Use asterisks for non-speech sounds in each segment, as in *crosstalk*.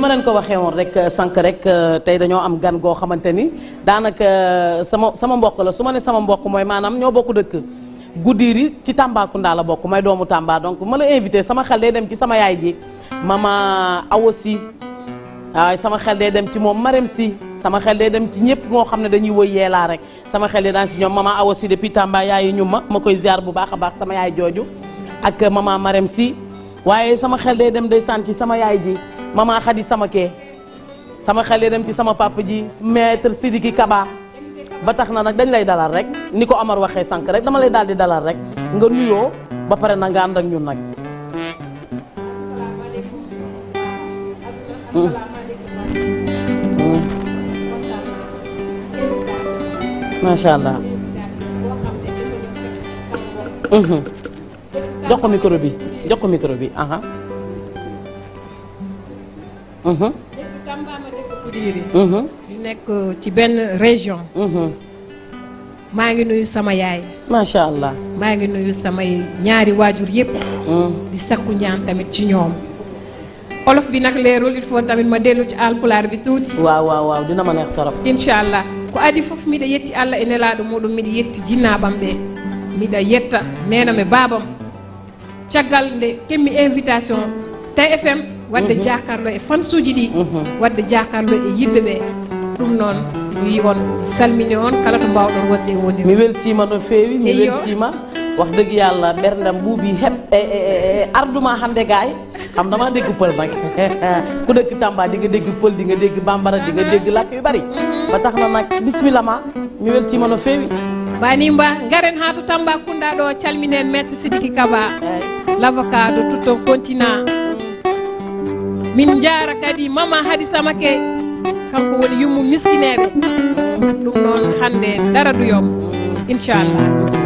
ma leen ko waxee woon rek euh, sànq rek euh, tey dañoo am gan goo xamante ni daanaka euh, sama sama mbokk la su ma ne sama mboq mooy maanaam ñoo bokk dëkk yi ci Tambacounda la bokk may doomu Tamba donc ma la invité sama xel day dem ci sama yaay ji mama Awa Sy waaye sama xel day dem ci moom Marème si sama xel dee dem ci ñëpp moo xam ne dañuy woy yeelaa rek sama xel day daan si ñoom mama Awa Sy depuis Tamba yaayu ñu ma ma koy ziar bu baax a baax sama yaay jooju ak mama Marème Sy waaye sama xel day dem day sant ci sama yaay ji maman Khady sama kee sama xel dem ci sama papa ji maître Sidiki Kaba ba tax na nag dañ lay dalal rek ni ko Amar waxee sànq rek dama lay daal di dalal rek nga nuyoo ba pare na nga ànd ak ñun nag. Hmm. macha allah. Hmm. jox ko micro bi jox ko micro bi aha Mhm. Mhm. dëkk nekk ci benn région mhm. maa ngi nuyu sama yaay macha maa ngi nuyu samay ñaari waajur yëpp di sakku ñaan tamit ci ñoom olof bi nag leerul il faut tamit ma dellu ci alpulaar bi tuuti waaw waaw waaw dina ma neex torop incha allah ko adi fof miɗa yetti allah ene laaɗo muɗum miɗa yetti jinnaɓam ɓe miɗa yetta nename babam caggal nde kemmi invitation tfm wadde mhm. jakarɗo e fansuji ɗi mhm. wadde jakarɗo e yimɓe ɓe ɗum noon wi on salmini on kala to mbawɗon wonde e wonir mi weltima no fewi mi weltima wax dëgg yàlla berndam buubi heɓ e, e, e, e arduma hande gaay xam dama dégg pël nag *laughs* ku dëkk Tamba di nga dégg pël di nga dégg bambara di nga dégg làkk yu bari mhm. tax ma mi weltima no fewi bani mba garen ha to Tambacounda ɗo min jaara kadi mama hadisamake kanko woni yummu miskineɓe ɗum noon hande dara du yom inchallah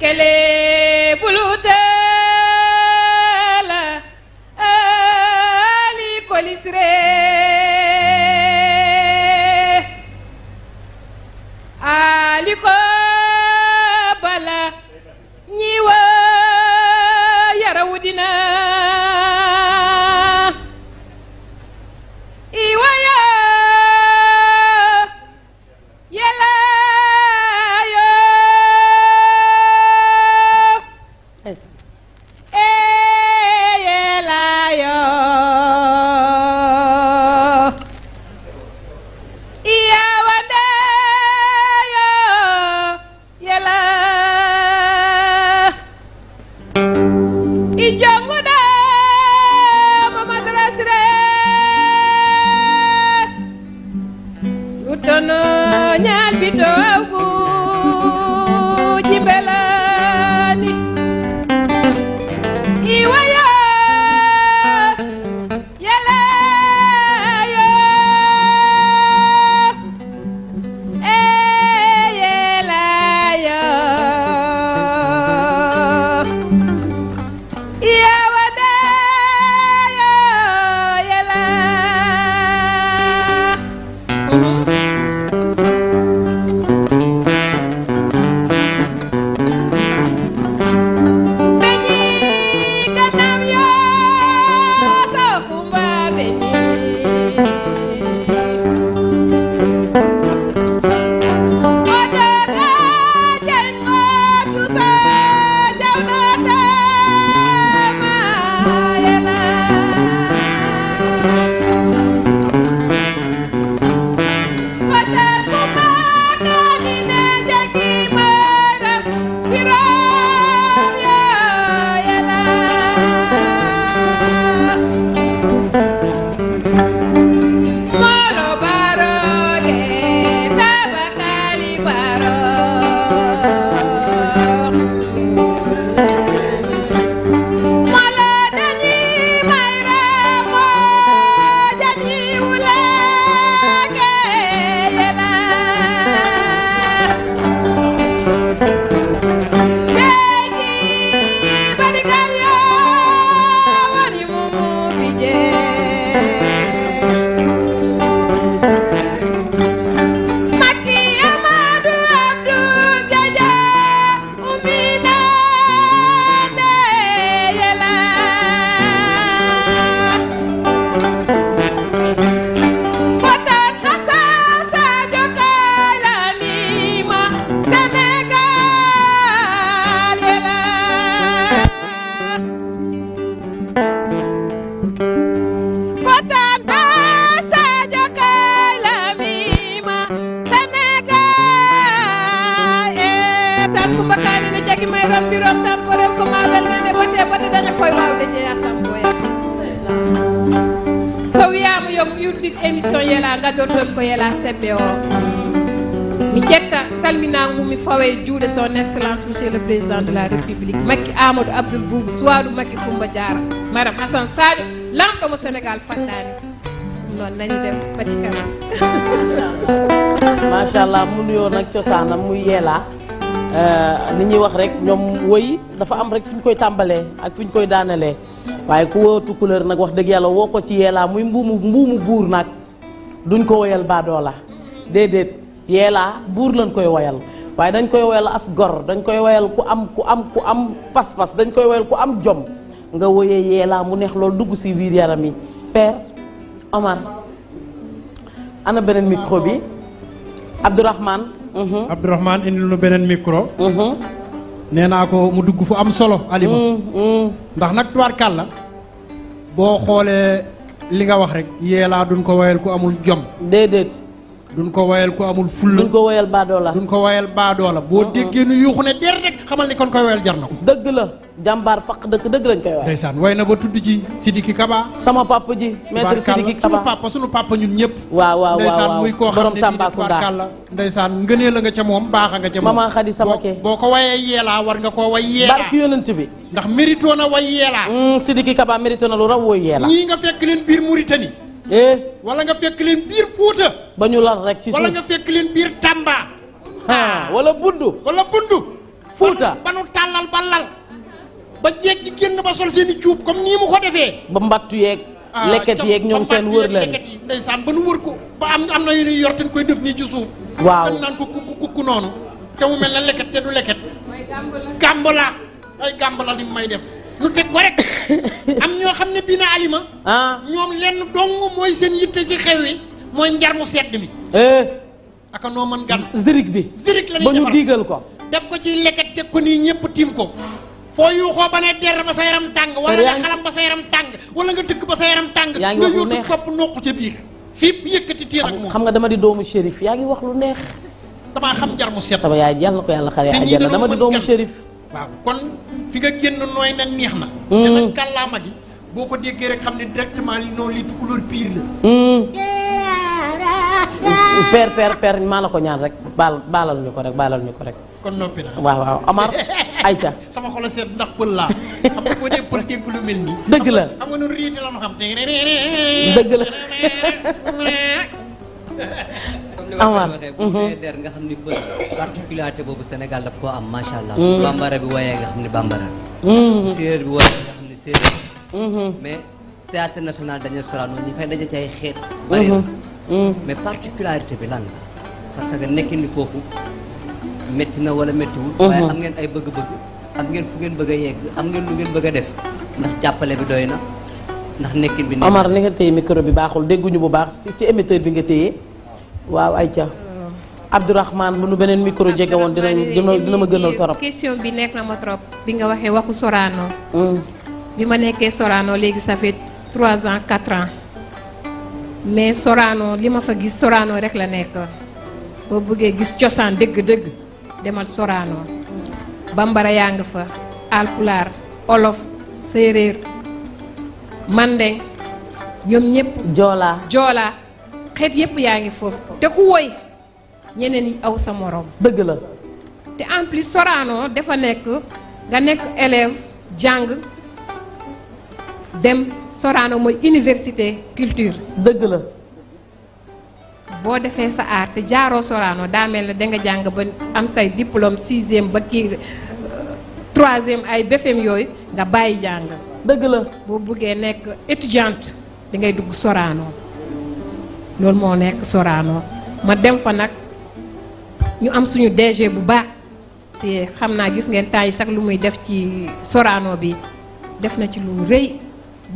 Quelle est uddit émission yelaagadoton ko yela seɓɓe o mi ƴetta salminagu mi fawa e juuɗe son excellence monsieur le président de la république makki amadou abdoul boubou suwaɗu makki coumba diara madame hassan sadio lamɗomo sénégal faɗɗani ɗum noon nani dem batti kanam *laughs* machallah mu nuyoo nag cosaanam muy yeelaa li euh, ñuy wax rek ñoom woy dafa am rek fu ñu koy tàmbalee ak fu ñu koy daanalee waaye ku woo tukkuleer nag wax dëgg yàlla woo ko ci yeelaa muy mbuumu mbuumu buur nag duñ ko woyal baadoola déedéet yeelaa buur lañ koy woyal waaye dañ koy woyal as gor dañ koy woyal ku am ku am ku am pas-pas dañ koy woyal ku am jom nga woyee yeelaa mu neex loolu dugg si biir yaram yi père Omar ana beneen mikro bi Abdourahmane mhm. Abdourahmane indi lu beneen micro mhm. nee naa ko mu dugg fu am solo alima mm, mm. ndax nag tubaarkàl la boo xoolee li nga wax rek yee laa duñ ko woyal ku amul jom déedéet duñ ko wayal ku amul fulla duñ ko wayal baadoola duñ ko wayal baadoola boo déggee nu yuuxu ne der rek xamal ni kon koy wayal jar na ko dëgg la jàmbaar faq dëkk dëgg lañ koy waay ndeysaan way na ba tudd ci Sidiki Kaba sama papa ji maître Sidiki Kaba sunu papa sunu papa ñun ñëpp waaw waaw ndeysaan muy koo xam ne tubaarkàl la ndeysaan ngënee la nga ca moom baax a nga ca moom maman Khady Samake boo ko wayee yeelaa war nga koo way yeelaa barki yonent bi ndax mérito na way yeelaa mm, Sidiki Kaba mérito na lu raw wooy yeelaa ñii nga fekk leen biir Mauritanie Eh? wala nga fekk leen biir Fuuta. ba ñu lal rek ci suuf wala nga fekk leen biir Tamba. wala bundu. wala bundu. Fuuta ba nu tàllal ba lal. ba jeeg ji génn ba sol seen i cuub comme nii mu ko defee. ba mbattu yeeg. Ah, lekket yeeg ñoom seen wër leen lekket yi ndeysaan ba nu wër ko. ba am am na yeneen yor te koy def nii ci suuf. waaw dañ naan ku ku ku noonu. te mu mel na lekket te du lekket. gàmb la ay gàmb la ni may def. lu teg ko rek am ñoo xam ne bii na alima ah. ñoom lenn dong mooy seen yitte ci xew mooy njarmu mu sedd mi eh. aka noo man gan zirik bi zirik la ba ñu diigal ko def ko ci leket teg ko nii ñëpp tiim ko foo yuuxoo ba ne der ba sa yaram tàng wala nga xalam ba sa yaram tàng wala nga dëkk ba sa yaram tàng nga yóotu bopp noqu ca biir fii yëkkati téer ak moom xam nga dama di doomu shérif yaa ngi wax lu neex damaa xam njar mu sedd sama yaay yàlla ko yàlla xare àjjana dama di doomu waaw kon fi nga génn nooy na neex na. Mm. te nag kàllaama gi boo ko déggee rek xam ne directement li noonu li tukulóor pire la. Mm. Mm. per per maa la ko ñaan rek baal baalal ñu ko rek baalal ñu ko rek. kon noppi na waaw waaw Amar *laughs* Aïcha. sama xol seet ndax pël laa xam nga boo dee pël dégg lu mel nii. dëgg la xam nga noonu riiti la ma xam te. dëgg la. *laughs* ni nga ko nga xam ni bët particularité boobu senegal daf koo am macha allah. Mm-hmm. bambara bi woyee nga xam ni bambara. Mm-hmm. séeréer bi woyee nga xam ni séeréer. Mm-hmm. mais théâtre national dañu Sorano ñi fay daje ci ay xeet. bari na mais particularité bi lan la parce que nekkin ni foofu metti na wala méttiwul. waaye am ngeen ay bëgg-bëgg am ngeen fu ngeen bëgg a yegg am ngeen lu ngeen bëgg a def ndax jàppale bi doy na. ndax nekkin bi Omar ni nga téye micro bi baaxul dégguñu bu baax ci émetteur bi nga téye. waaw ay ayca. Oh. Abdourahmane bu nu beneen micro jege woon dina ma gënal torop question bi nekk na ma trop bi nga waxee waxu Sorano. Hmm. bi ma nekkee soraanoo léegi ça fait trois ans quatre mais soraanoo li ma fa gis soraanoo rek la nekk boo bëggee gis cosaan dëgg-dëgg demal Sorano bambara yàng fa alpulaar olof séeréer mandeng ñoom ñëpp. joolaa joolaa. xeet yëpp yaa ngi foofu te ku woy ñeneen ñi aw sa moroom dëgg la. te en plus Sorano dafa nekk nga nekk élève jàng dem Sorano mooy université culture. dëgg la. boo defee sa aar te jaaroo Sorano daa mel ne danga jàng ba am say diplôme sixième ba kii euh, troisième ay BFEM yooyu nga bàyyi jàng. dëgg la boo buggee nekk étudiante dangay dugg Sorano. loolu moo nekk soraanoo ma dem fa nag ñu am suñu DG bu baax te xam naa gis ngeen temps yi sax lu muy def ci Sorano bi def na ci lu rëy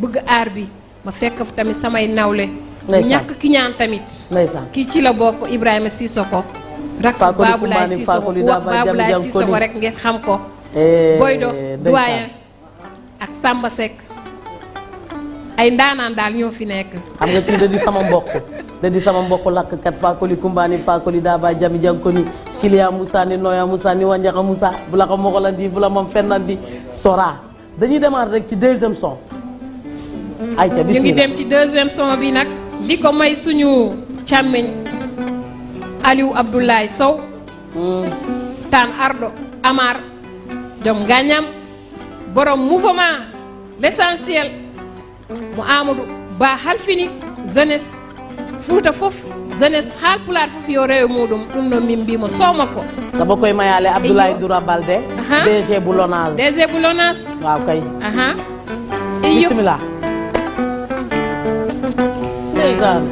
bëgg aar bi ma fekk tamit samay nawle. ndeysaan ñàkk ki ñaan tamit. kii ci la bokk Ibrahima Sissoko. rak baabu laay Sissoko baabu laay Sissoko rek ngeen xam ko. Eh, boy doyen ak Samba Seck ay ndaanaan daal ñoo fi nekk. xam nga kii sama mbokk. da di sama mbokk lakkat faakoli kumbaani faakoli daaba jami jankoni kiliya musa ni noya musa ni wanjaxa musa bu la ko moxolandi bu la moom fennandi sora dañuy démarrer rek ci deuxième son mm. ayca bismillah ñu ngi dem ci deuxième son bi nag di ko may suñu càmmiñ Aliou Abdoulaye Sow mm. tan arɗo amar joom gañam borom mouvement l' essentiel mo amadou ba halfini jeunesse fuuta fof jeunesse haalpulaar fof yo rewe muɗum ɗum noon min mbima sowma ko saabu koye mayale abdoulaye doura balde dg bu lonage dg bu lonage waaw kay aha bisimilla ndeysaan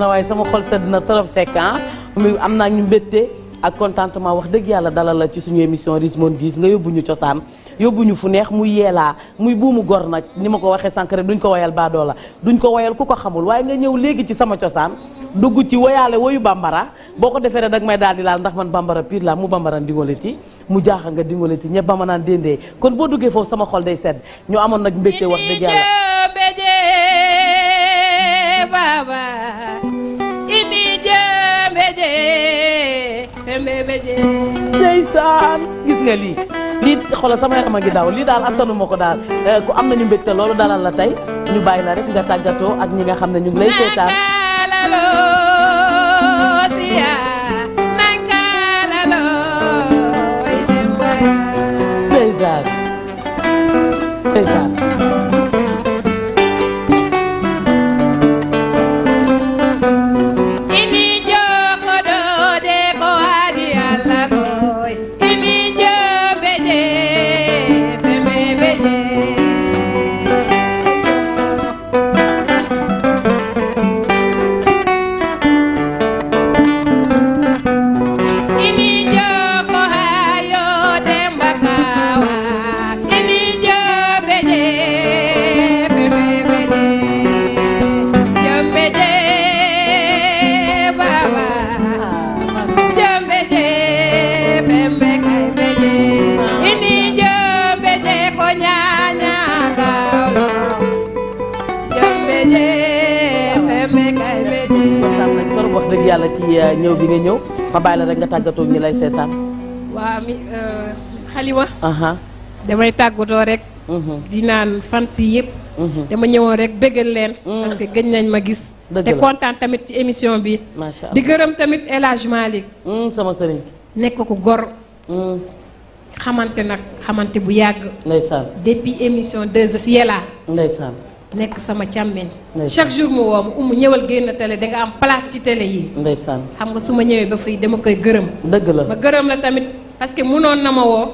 na waaye sama xol sedd na trop sekk ah. mi am naa ñu mbégte ak contentement wax dëgg yàlla dalal la ci suñu émission Rich diis Djizz nga yóbbu ñu cosaan yóbbu ñu fu neex muy yeelaa muy buumu gor nag ni ma ko waxee sànq duñ ko woyal baadoo la duñ ko woyal ku ko xamul waaye nga ñëw léegi ci sama cosaan dugg ci woyaale woyu bambara boo ko defee rek dag may daal di laal ndax man bambara pire la mu bambara ndingoleti mu jaaxa nga dingoleti ñëpp ba ma naan déndee kon boo duggee foofu sama xol day sedd ñu amoon nag mbégte wax dëgg yàlla ndeysaan gis nga lii lii xoolal sama yaram lii daal attanu ma ko daal eh, ku am nañu mbégte loolu dalal tey ñu bàyyi la rek tàggatoo ak ñi nga xam ne ñu ngi lay seetaan ndeysaan waxtaan nañ trop wax dëgg yàlla ci euh, ñëw bi nga ñëw ma bàyyi nga tàggatoo ñi lay seetaan. waa mi euh, xalima. damay tàggatoo rek. Mhm. di naan fan si yëpp. Mhm. dama ñëwoon rek bëggal leen. Mhm. parce que nañ ma gis. te kontaan tamit ci émission bi. macha di gërëm tamit El Hadj Malick sama sëriñ. nekk ko gor. xamante nag xamante bu yàgg. ndeysaan depuis émission 2S Yela. nekk sama càmmeñ chaque jour mu woo mu umu ñëwal génn télé danga am place ci tele yi ndeysaan xam nga su ma ñëwee ba fii dama koy gërëm dëgg la ma gërëm la tamit parce que munoon na ma woo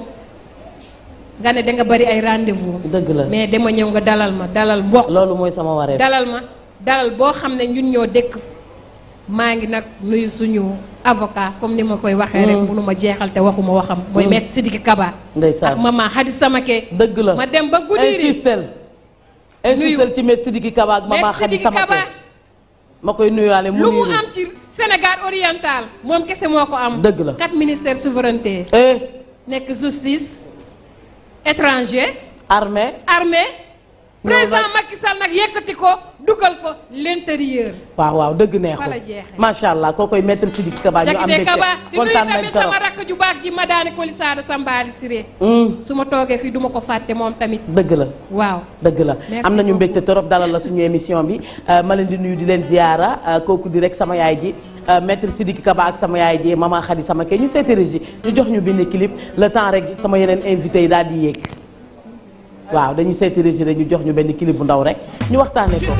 nga ne da nga bari ay rendez-vous dëgg la mais dama ñëw nga dalal ma dalal mbokk loolu mooy sama wareef dalal ma dalal boo xam ne ñun ñoo dëkk maa ngi nag nuyu suñu avocat comme ni ma koy waxee rek mënu mm. ma jeexal te waxuma waxam mooy mm. maître Sidiki Kaba ndeysaan ak maman sama Samake dëgg la ma dem ba guddi nuyu incha ci Me Sidiki Kaba ak Mama Khady sama kër ma koy nuyuwaale mu lu mu am ci Sénégal oriental moom kese moo ko am. dëgg la quatre ministère souveraineté. Eh. nekk justice étranger. armée armée. président Macky Sall nag yëkkati ko dugal ko l'intérieur. waaw waaw dëgg neexul macha allah koo koy maître Sidiki Kaba kabaa am mbégte kontaan nañ trop sama rakk ju baax ji ma daane Koli Sada Sambaali Siré. Hmm. su ma toogee fii duma ko fàtte moom tamit. dëgg la waaw dëgg la. am nañu mbégte trop dalal la suñu émission bi euh, ma leen di nuyu di leen ziyaara euh, kooku di rek sama yaay ji. Euh, maître Sidiki Kaba ak sama yaay ji mama Khady sama kay ñu seeti régie ñu jox ñu benn le temps rek sama yeneen invité yi daal di yéeg. waaw dañuy seeti régie ñu jox ñu benn clip bu ndaw rek ñu waxtaanee ko.